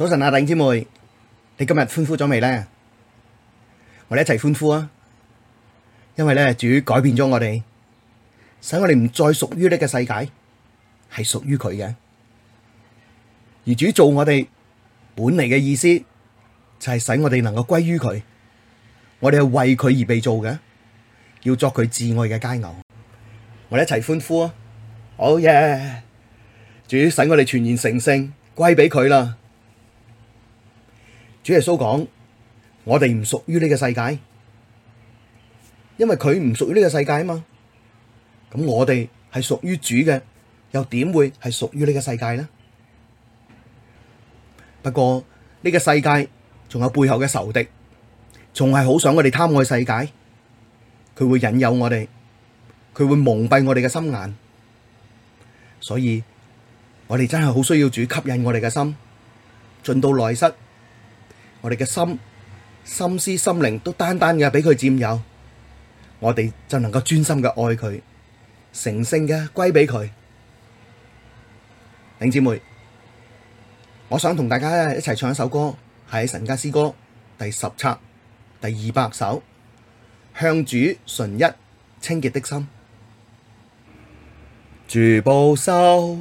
早晨，阿頂姐妹，你今日歡呼咗未呢？我哋一齊歡呼啊！因為咧，主改變咗我哋，使我哋唔再屬於呢個世界，係屬於佢嘅。而主造我哋本嚟嘅意思，就係使我哋能夠歸於佢。我哋係為佢而被造嘅，要作佢至愛嘅佳偶。我哋一齊歡呼啊！好耶！主使我哋全然成聖，歸俾佢啦。主耶穌講：我哋唔屬於呢個世界，因為佢唔屬於呢個世界啊嘛。咁我哋係屬於主嘅，又點會係屬於呢個世界呢？不過呢個世界仲有背後嘅仇敵，仲係好想我哋貪愛世界，佢會引誘我哋，佢會蒙蔽我哋嘅心眼。所以，我哋真係好需要主吸引我哋嘅心，進到內室。我哋嘅心、心思、心靈都單單嘅俾佢佔有，我哋就能夠專心嘅愛佢，成聖嘅歸俾佢。弟兄姊妹，我想同大家一齊唱一首歌，係《神家詩歌》第十冊第二百首，《向主純一清潔的心》，主保守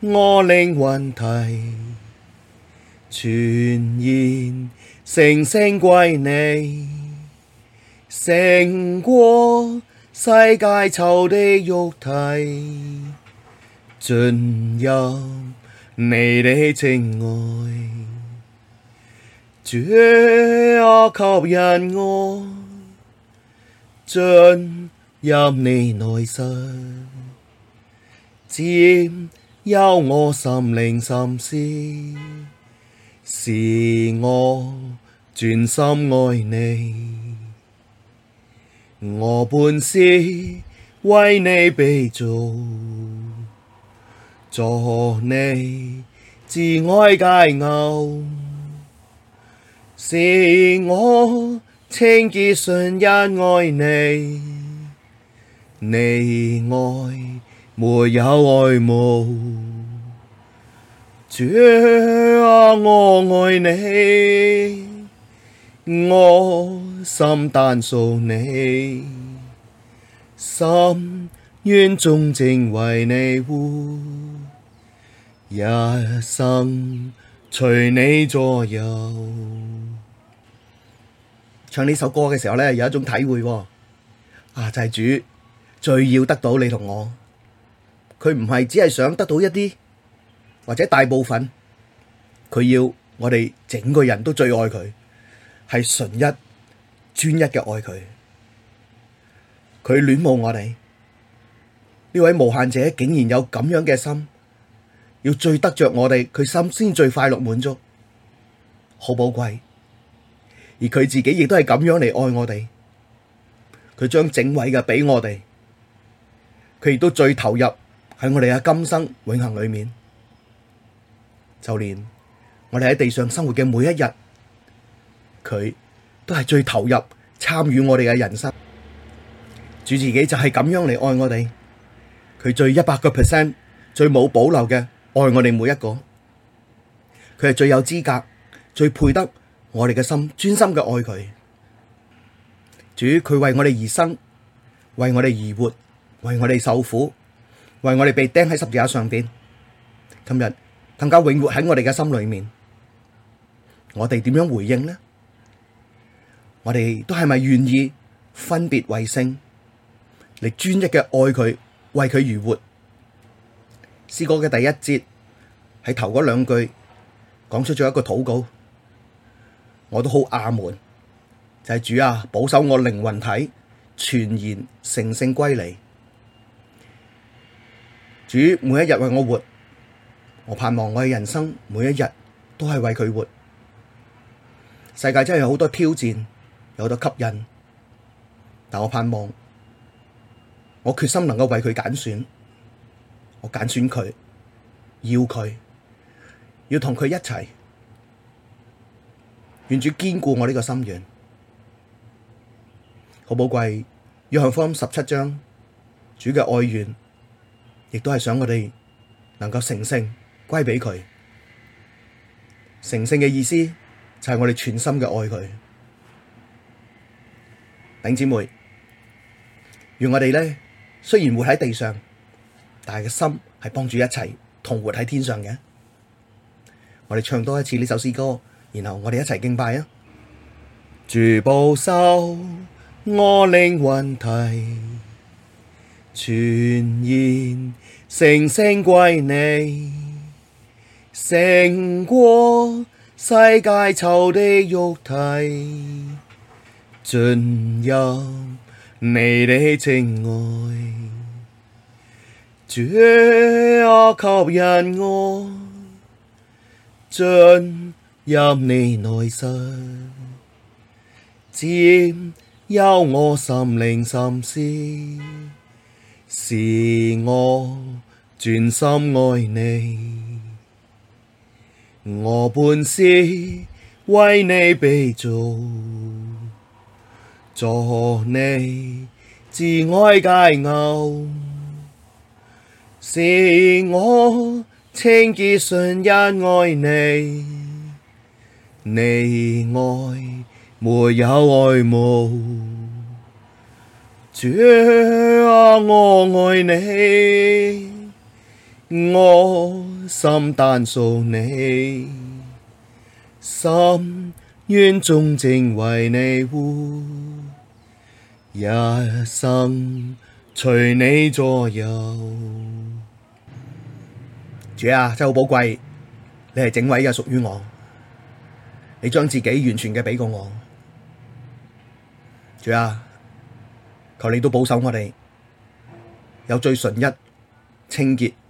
我靈魂體全然成聖歸你，勝過世界、仇敵肉體，進入你的情愛，主啊，吸引我，進入你內室，佔有我心靈、心思。使我專心愛你，我本是為你被造，作你至愛佳偶。使我清潔純一愛你，你外沒有愛慕。主啊，我愛你，我心單屬你，深願忠貞為你活，一生隨你左右。唱呢首歌嘅時候呢，有一種體會，啊，就係主最要得到你同我，佢唔係只係想得到一啲。或者大部分，佢要我哋整個人都最愛佢，係純一、專一嘅愛佢。佢戀慕我哋呢位無限者，竟然有咁樣嘅心，要最得着我哋，佢心先最快樂滿足，好寶貴。而佢自己亦都係咁樣嚟愛我哋，佢將整位嘅俾我哋，佢亦都最投入喺我哋嘅今生永恒裏面。就連我哋喺地上生活嘅每一日，佢都係最投入參與我哋嘅人生。主自己就係咁樣嚟愛我哋，佢最一百個 percent、最冇保留嘅愛我哋每一個。佢係最有資格、最配得我哋嘅心專心嘅愛佢。主佢為我哋而生，為我哋而活，為我哋受苦，為我哋被釘喺十字架上邊。今日。更加永活喺我哋嘅心裏面，我哋點樣回應呢？我哋都係咪願意分別為聖，嚟專一嘅愛佢，為佢而活？詩歌嘅第一節喺頭嗰兩句講出咗一個禱告，我都好阿門。就係、是、主啊，保守我靈魂體，全然成聖歸嚟。主每一日為我活。我盼望我嘅人生每一日都係為佢活。世界真係有好多挑戰，有好多吸引，但我盼望，我決心能夠為佢揀選，我揀選佢，要佢，要同佢一齊，願主堅固我呢個心願。好寶貴，約翰福音十七章，主嘅愛願，亦都係想我哋能夠成聖。歸畀佢，成聖嘅意思就係我哋全心嘅愛佢。弟兄姊妹，願我哋咧，雖然活喺地上，但係個心係幫住一齊同活喺天上嘅。我哋唱多一次呢首詩歌，然後我哋一齊敬拜啊！主保守我靈魂體，全然成聖歸你。勝過世界、仇敵、肉體，進入你的情愛，主啊，吸引我，進入你內室，佔有我心靈心思，使我專心愛你。我本是為你被造，作你至愛佳偶，使我清潔純一愛你，你外沒有愛慕，主啊，我愛你。我心單屬你，深願忠貞為你活，一生隨你左右。主啊，真係好寶貴，你係整位嘅屬於我，你將自己完全嘅畀過我。主啊，求你都保守我哋，有最純一、清潔。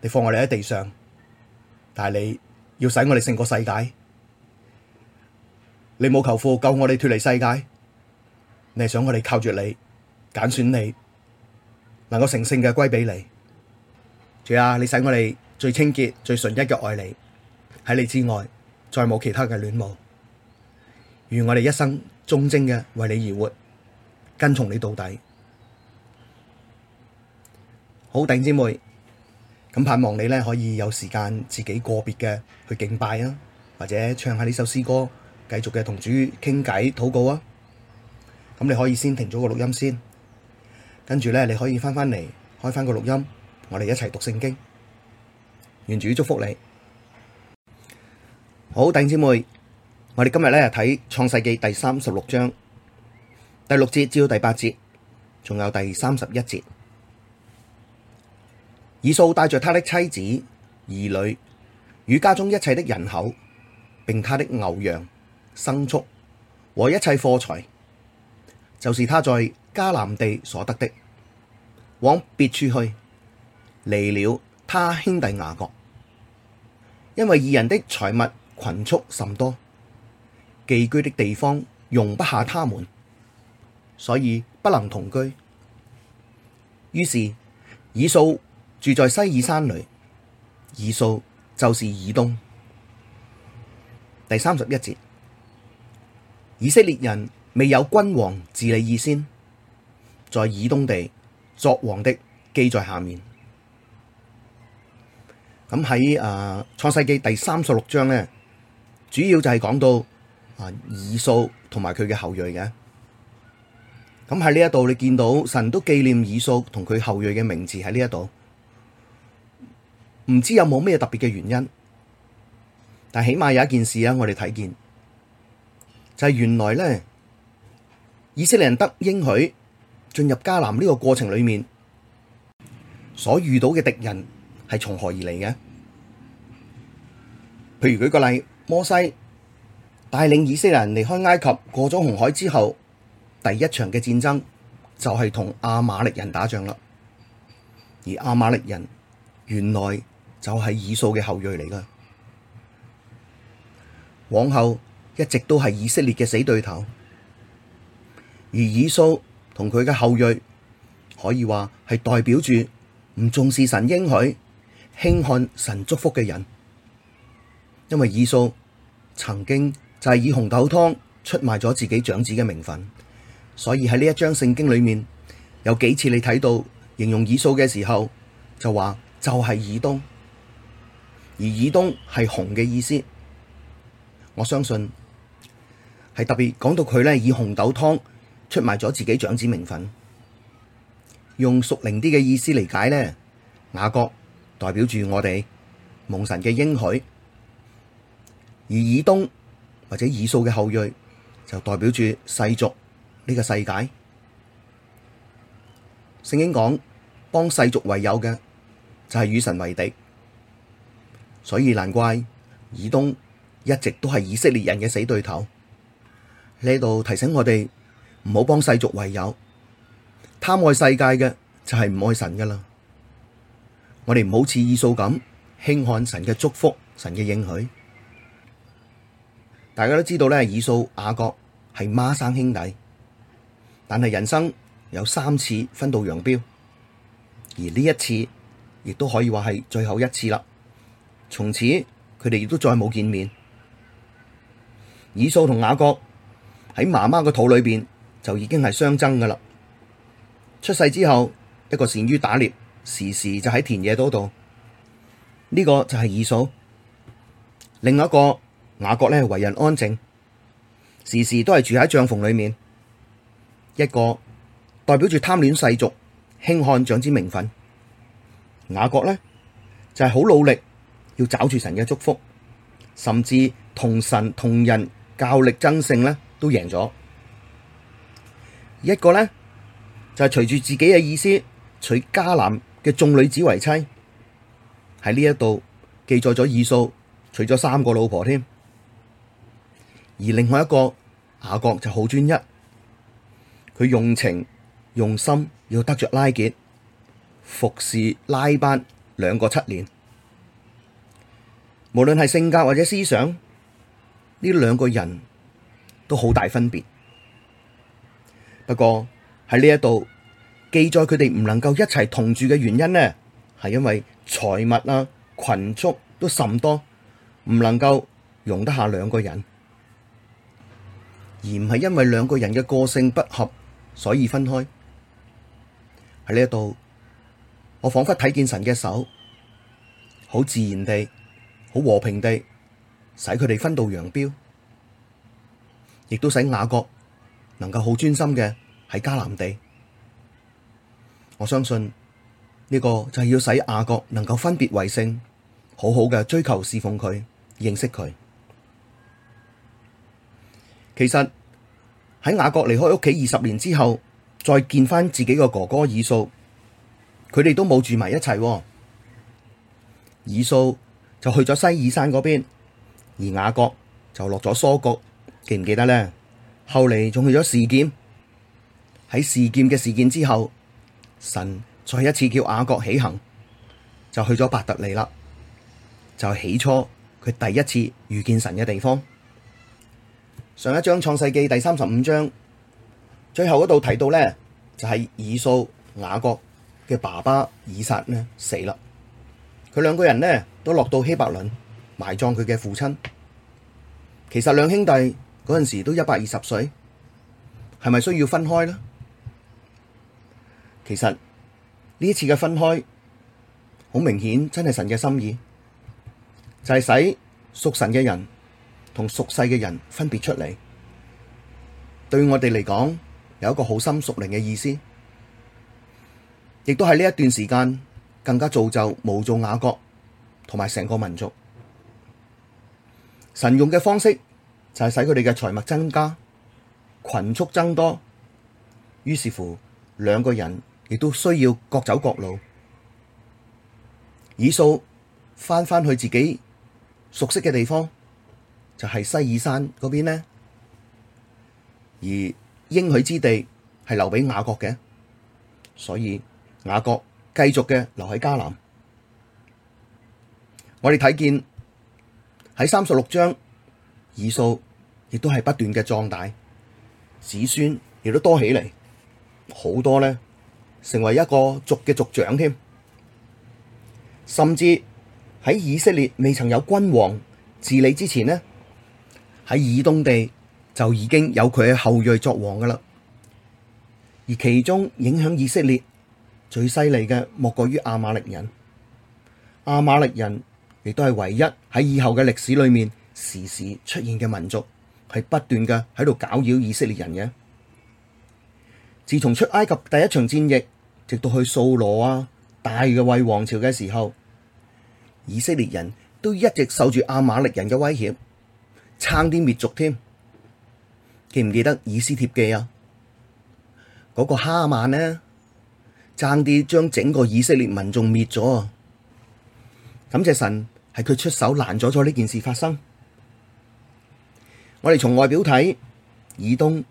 你放我哋喺地上，但係你要使我哋勝過世界。你冇求父救我哋脫離世界，你係想我哋靠住你揀選你，能夠成聖嘅歸俾你。主啊，你使我哋最清潔、最純一嘅愛你，喺你之外再冇其他嘅戀慕。如我哋一生忠貞嘅為你而活，跟從你到底。好，弟兄姊妹。咁盼望你咧可以有時間自己個別嘅去敬拜啊，或者唱下呢首詩歌，繼續嘅同主傾偈禱告啊。咁你可以先停咗個錄音先，跟住咧你可以翻返嚟開翻個錄音，我哋一齊讀聖經。願主祝福你。好，弟兄姊妹，我哋今日咧睇創世記第三十六章第六節至到第八節，仲有第三十一節。以掃帶着他的妻子、兒女與家中一切的人口，並他的牛羊、牲畜和一切貨財，就是他在迦南地所得的，往別處去，離了他兄弟雅各，因為二人的財物群畜甚多，寄居的地方容不下他們，所以不能同居。於是以掃。住在西珥山裡，以掃就是以東。第三十一節，以色列人未有君王治理以先，在以東地作王的記在下面。咁喺啊創世紀第三十六章呢，主要就係講到啊以掃同埋佢嘅後裔嘅。咁喺呢一度你見到神都紀念以掃同佢後裔嘅名字喺呢一度。唔知有冇咩特別嘅原因，但起碼有一件事啊，我哋睇見就係原來呢，以色列人得應許進入迦南呢個過程裏面所遇到嘅敵人係從何而嚟嘅？譬如舉個例，摩西帶領以色列人離開埃及，過咗紅海之後，第一場嘅戰爭就係同阿瑪力人打仗啦，而阿瑪力人原來，就係以掃嘅後裔嚟噶，往後一直都係以色列嘅死對頭，而以掃同佢嘅後裔可以話係代表住唔重視神應許、輕看神祝福嘅人，因為以掃曾經就係以紅豆湯出賣咗自己長子嘅名分，所以喺呢一章聖經裏面，有幾次你睇到形容以掃嘅時候，就話就係以東。而以東係紅嘅意思，我相信係特別講到佢呢。以紅豆湯出賣咗自己長子名分，用屬靈啲嘅意思嚟解呢，雅各代表住我哋蒙神嘅應許，而以東或者以掃嘅後裔就代表住世俗呢個世界。聖經講幫世俗為友嘅就係、是、與神為敵。所以難怪以東一直都係以色列人嘅死對頭。呢度提醒我哋唔好幫世俗為友，貪愛世界嘅就係唔愛神㗎喇。我哋唔好似以掃咁輕看神嘅祝福，神嘅應許。大家都知道呢，以掃、雅各係孖生兄弟，但係人生有三次分道揚鑣，而呢一次亦都可以話係最後一次啦。從此佢哋亦都再冇見面。以掃同雅各喺媽媽嘅肚裏邊就已經係相爭噶啦。出世之後，一個善於打獵，時時就喺田野嗰度，呢、這個就係以掃。另一個雅各咧，為人安靜，時時都係住喺帳篷裡面。一個代表住貪戀世俗、輕看長之名分；雅各呢，就係、是、好努力。要找住神嘅祝福，甚至同神同人較力爭勝咧，都贏咗。一個咧就係、是、隨住自己嘅意思，娶迦南嘅眾女子為妻，喺呢一度記載咗以掃，娶咗三個老婆添。而另外一個雅各就好專一，佢用情用心，要得着拉結，服侍拉班兩個七年。無論係性格或者思想，呢兩個人都好大分別。不過喺呢一度記載佢哋唔能夠一齊同住嘅原因呢，係因為財物啦、啊、群畜都甚多，唔能夠容得下兩個人，而唔係因為兩個人嘅個性不合，所以分開。喺呢一度，我仿佛睇見神嘅手，好自然地。好和平地，使佢哋分道揚鑣，亦都使雅各能夠好專心嘅喺迦南地。我相信呢個就係要使雅各能夠分別為聖，好好嘅追求侍奉佢，認識佢。其實喺雅各離開屋企二十年之後，再見翻自己個哥哥以掃，佢哋都冇住埋一齊。以掃。就去咗西爾山嗰邊，而雅各就落咗疏局。記唔記得呢？後嚟仲去咗示劍。喺示劍嘅事件之後，神再一次叫雅各起行，就去咗伯特利啦。就起初佢第一次遇見神嘅地方。上一章創世記第三十五章最後嗰度提到呢就係、是、以掃雅各嘅爸爸以撒呢死啦，佢兩個人呢。都落到希伯倫埋葬佢嘅父親。其實兩兄弟嗰陣時都一百二十歲，係咪需要分開呢？其實呢次嘅分開，好明顯真係神嘅心意，就係、是、使屬神嘅人同屬世嘅人分別出嚟。對我哋嚟講，有一個好心屬靈嘅意思，亦都喺呢一段時間更加造就無造雅各。同埋成個民族，神用嘅方式就係使佢哋嘅財物增加、群畜增多，於是乎兩個人亦都需要各走各路，以掃返返去自己熟悉嘅地方，就係西珥山嗰邊呢，而應許之地係留俾雅各嘅，所以雅各繼續嘅留喺迦南。我哋睇見喺三十六章，以掃亦都係不斷嘅壯大，子孫亦都多起嚟，好多呢，成為一個族嘅族長添。甚至喺以色列未曾有君王治理之前呢，喺以東地就已經有佢嘅後裔作王㗎喇。而其中影響以色列最犀利嘅莫過於亞瑪力人，亞瑪力人。亦都係唯一喺以後嘅歷史裏面時時出現嘅民族，係不斷嘅喺度搞擾以色列人嘅。自從出埃及第一場戰役，直到去掃羅啊大衛王朝嘅時候，以色列人都一直受住亞瑪力人嘅威脅，爭啲滅族添。記唔記得以斯帖記啊？嗰、那個哈曼呢，爭啲將整個以色列民眾滅咗。感謝神係佢出手攔阻咗呢件事發生。我哋從外表睇，以東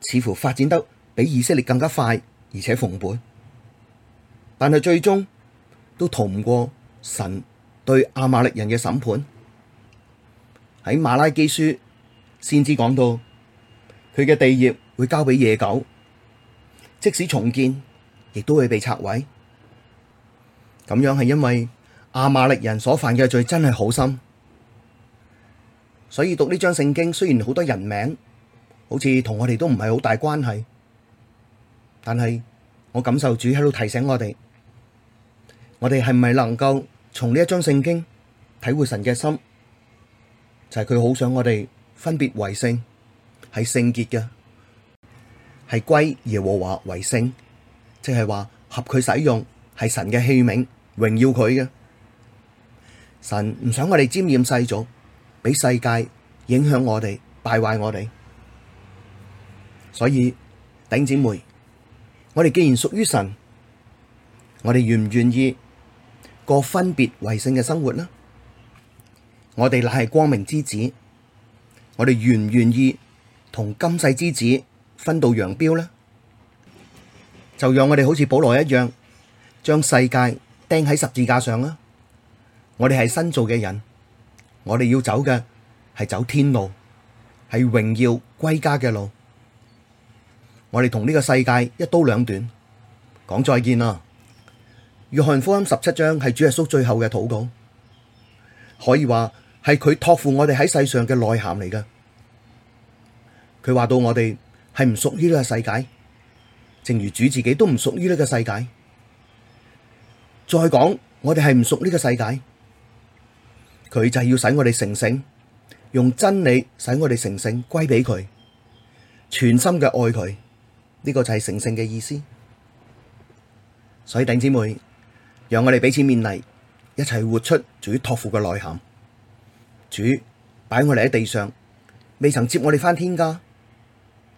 似乎發展得比以色列更加快，而且蓬勃。但係最終都逃唔過神對阿瑪力人嘅審判。喺馬拉基書先知講到，佢嘅地業會交俾野狗，即使重建，亦都會被拆毀。咁樣係因為。亞瑪力人所犯嘅罪真係好深，所以讀呢張聖經，雖然好多人名，好似同我哋都唔係好大關係，但係我感受主喺度提醒我哋，我哋係咪能夠從呢一張聖經體會神嘅心？就係佢好想我哋分別為聖，係聖潔嘅，係歸耶和華為聖，即係話合佢使用，係神嘅器皿，榮耀佢嘅。神唔想我哋沾染世祖，俾世界影響我哋，敗壞我哋。所以頂姊妹，我哋既然屬於神，我哋願唔願意過分別為聖嘅生活呢？我哋乃係光明之子，我哋願唔願意同今世之子分道揚鑣呢？就讓我哋好似保羅一樣，將世界釘喺十字架上啦。我哋係新造嘅人，我哋要走嘅係走天路，係榮耀歸家嘅路。我哋同呢個世界一刀兩斷，講再見啦。約翰福音十七章係主耶穌最後嘅禱告，可以話係佢托付我哋喺世上嘅內涵嚟㗎。佢話到我哋係唔屬於呢個世界，正如主自己都唔屬於呢個世界。再講我哋係唔屬於呢個世界。佢就係要使我哋成聖，用真理使我哋成聖歸俾佢，全心嘅愛佢，呢個就係成聖嘅意思。所以弟兄姊妹，讓我哋彼此勉勵，一齊活出主托付嘅內涵。主擺我哋喺地上，未曾接我哋翻天家，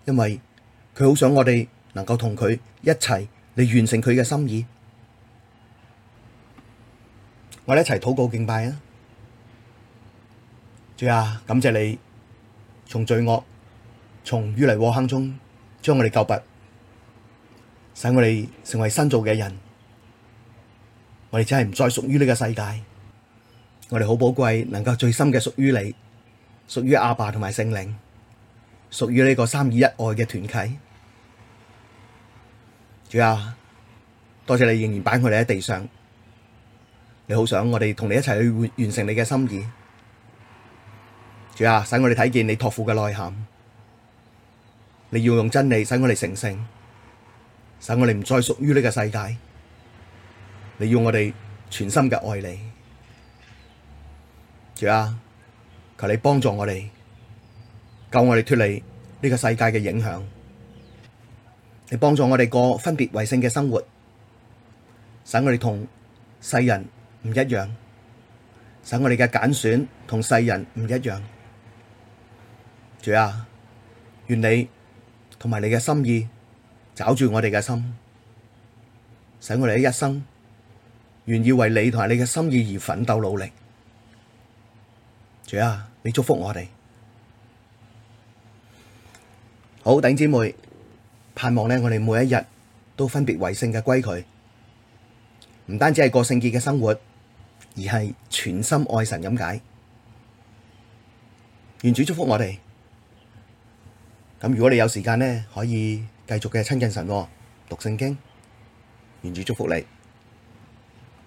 因為佢好想我哋能夠同佢一齊嚟完成佢嘅心意。我哋一齊禱告敬拜啊！主啊，感謝你從罪惡、從淤泥禍坑中將我哋救拔，使我哋成為新造嘅人。我哋真係唔再屬於呢個世界。我哋好寶貴，能夠最深嘅屬於你，屬於阿爸同埋聖靈，屬於呢個三二一愛嘅團契。主啊，多謝你仍然擺我哋喺地上。你好想我哋同你一齊去完成你嘅心意。主啊，使我哋睇見你托付嘅內涵。你要用真理使我哋成聖，使我哋唔再屬於呢個世界。你要我哋全心嘅愛你，主啊，求你幫助我哋，救我哋脱離呢個世界嘅影響。你幫助我哋過分別為聖嘅生活，使我哋同世人唔一樣，使我哋嘅揀選同世人唔一樣。主啊，願你同埋你嘅心意抓住我哋嘅心，使我哋一生願意為你同埋你嘅心意而奮鬥努力。主啊，你祝福我哋。好，弟兄姊妹，盼望呢，我哋每一日都分別為聖嘅歸佢，唔單止係過聖潔嘅生活，而係全心愛神咁解。願主祝福我哋。咁如果你有時間呢，可以繼續嘅親近神喎，讀聖經，願主祝福你。